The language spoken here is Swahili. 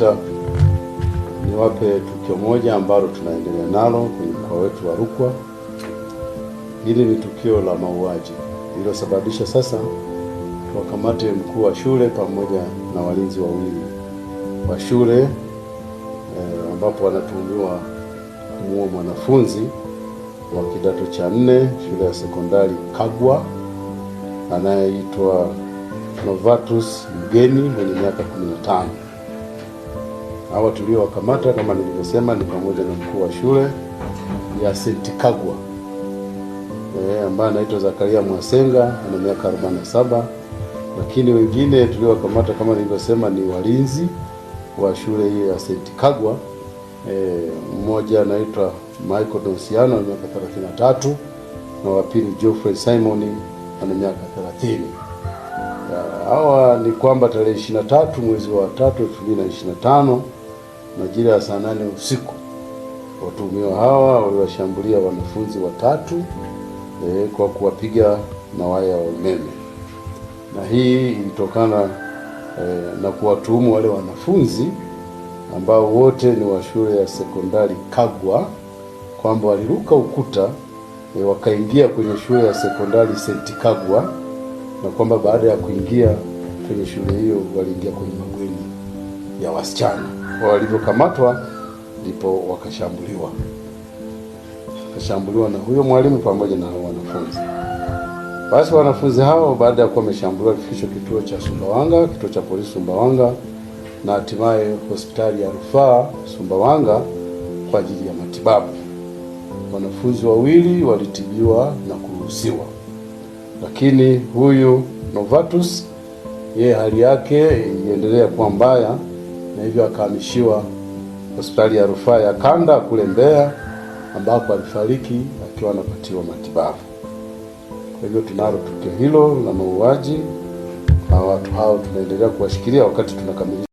uliopita, niwape tukio moja ambalo tunaendelea nalo kwenye mkoa wetu wa Rukwa. Hili ni tukio la mauaji lililosababisha sasa wakamate mkuu wa shule pamoja na walinzi wawili wa shule eh, ambapo wanatuhumiwa kumuua mwanafunzi wa kidato cha nne shule ya sekondari Kagwa anayeitwa Novatus Mgeni mwenye miaka 15. Hawa tuliowakamata kama nilivyosema ni pamoja na mkuu wa shule ya St. Kagwa e, ambaye anaitwa Zakaria Mwasenga ana miaka 47, lakini wengine tuliowakamata kama nilivyosema ni walinzi wa shule hiyo ya St. Kagwa e, mmoja anaitwa Michael Donsiano ana miaka 33 na wa pili Geoffrey Simon ana miaka 30. E, hawa ni kwamba tarehe 23 mwezi wa 3 2025 majira ya saa nane usiku watuhumiwa hawa waliwashambulia wanafunzi watatu e, kwa kuwapiga na waya wa umeme, na hii ilitokana e, na kuwatuhumu wale wanafunzi ambao wote ni wa shule ya sekondari Kagwa kwamba waliruka ukuta e, wakaingia kwenye shule ya sekondari St. Kagwa na kwamba baada ya kuingia kwenye shule hiyo waliingia kwenye mabweni ya wasichana walivyokamatwa ndipo wakashambuliwa, wakashambuliwa na huyo mwalimu pamoja na wanafunzi. Basi wanafunzi hao baada ya kuwa wameshambuliwa walifikishwa kituo cha Sumbawanga, kituo cha polisi Sumbawanga na hatimaye hospitali ya rufaa Sumbawanga kwa ajili ya matibabu. Wanafunzi wawili walitibiwa na kuruhusiwa, lakini huyu Novatus yeye hali yake iliendelea kuwa mbaya na hivyo akahamishiwa hospitali ya rufaa ya kanda kule Mbeya ambapo alifariki akiwa anapatiwa matibabu. Kwa hivyo tunalo tukio hilo la mauaji na watu hao tunaendelea kuwashikilia wakati tunakamilisha